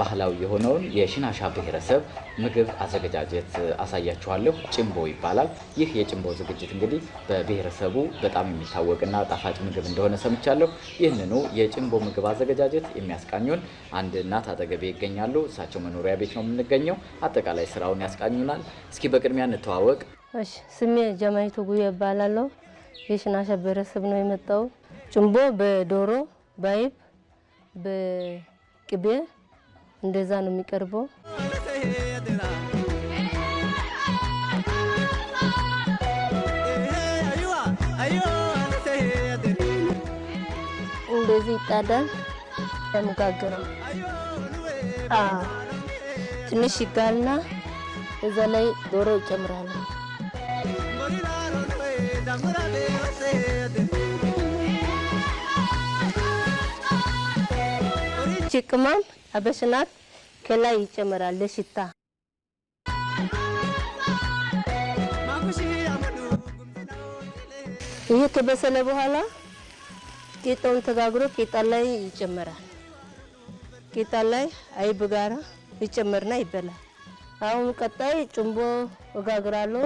ባህላዊ የሆነውን የሽናሻ ብሔረሰብ ምግብ አዘገጃጀት አሳያችኋለሁ። ጭምቦ ይባላል። ይህ የጭንቦ ዝግጅት እንግዲህ በብሔረሰቡ በጣም የሚታወቅና ጣፋጭ ምግብ እንደሆነ ሰምቻለሁ። ይህንኑ የጭንቦ ምግብ አዘገጃጀት የሚያስቃኙን አንድ እናት አጠገቤ ይገኛሉ። እሳቸው መኖሪያ ቤት ነው የምንገኘው። አጠቃላይ ስራውን ያስቃኙናል። እስኪ በቅድሚያ እንተዋወቅ። እሺ ስሜ ጀማይቱ ጉዬ እባላለሁ። የሽናሻ ብሔረሰብ ነው የመጣው። ጭንቦ በዶሮ ባይብ፣ በቅቤ እንደዛ ነው የሚቀርበው። እንደዚህ ይጣዳል። ለመጋገረው ትንሽ ይጋልና እዛ ላይ ዶሮ ይጨምራል። enamora de ቅመም አበስናት ከላይ ይጨመራል ለሽታ። ይህ ከበሰለ በኋላ ቂጣውን ተጋግሮ ቂጣ ላይ ይጨመራል። ቂጣ ላይ አይብ ጋራ ይጨመርና ይበላል። አሁን ቀጣይ ጭንቦ እጋግራለሁ።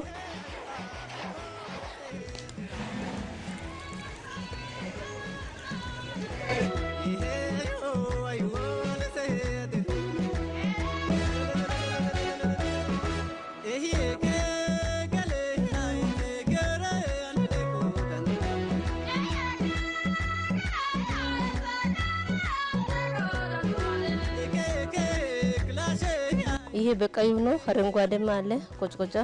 ይሄ በቀዩ ነው። አረንጓዴም አለ ቆጭቆጫ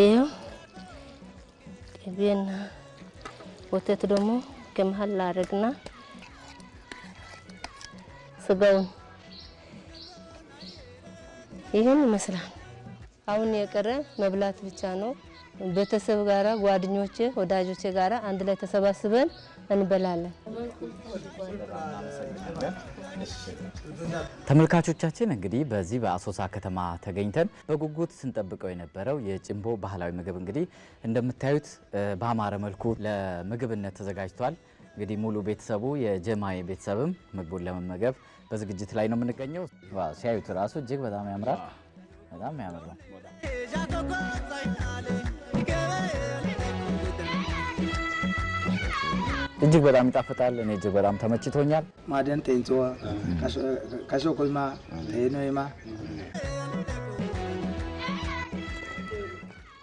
ይሄው ቅቤና ወተት ደግሞ ከመሃል ላረግና ስጋውን ይሄን ይመስላል። አሁን የቀረ መብላት ብቻ ነው። ቤተሰብ ጋራ ጓደኞቼ፣ ወዳጆቼ ጋራ አንድ ላይ ተሰባስበን እንበላለን። ተመልካቾቻችን እንግዲህ በዚህ በአሶሳ ከተማ ተገኝተን በጉጉት ስንጠብቀው የነበረው የጭንቦ ባህላዊ ምግብ እንግዲህ እንደምታዩት በአማረ መልኩ ለምግብነት ተዘጋጅቷል። እንግዲህ ሙሉ ቤተሰቡ የጀማይ ቤተሰብም ምግቡን ለመመገብ በዝግጅት ላይ ነው የምንገኘው። ሲያዩት ራሱ እጅግ በጣም ያምራል። በጣም ያምር ነው። እጅግ በጣም ይጣፍጣል። እኔ እጅግ በጣም ተመችቶኛል። ማደን ጤንጽዋ ከሶ ኮልማ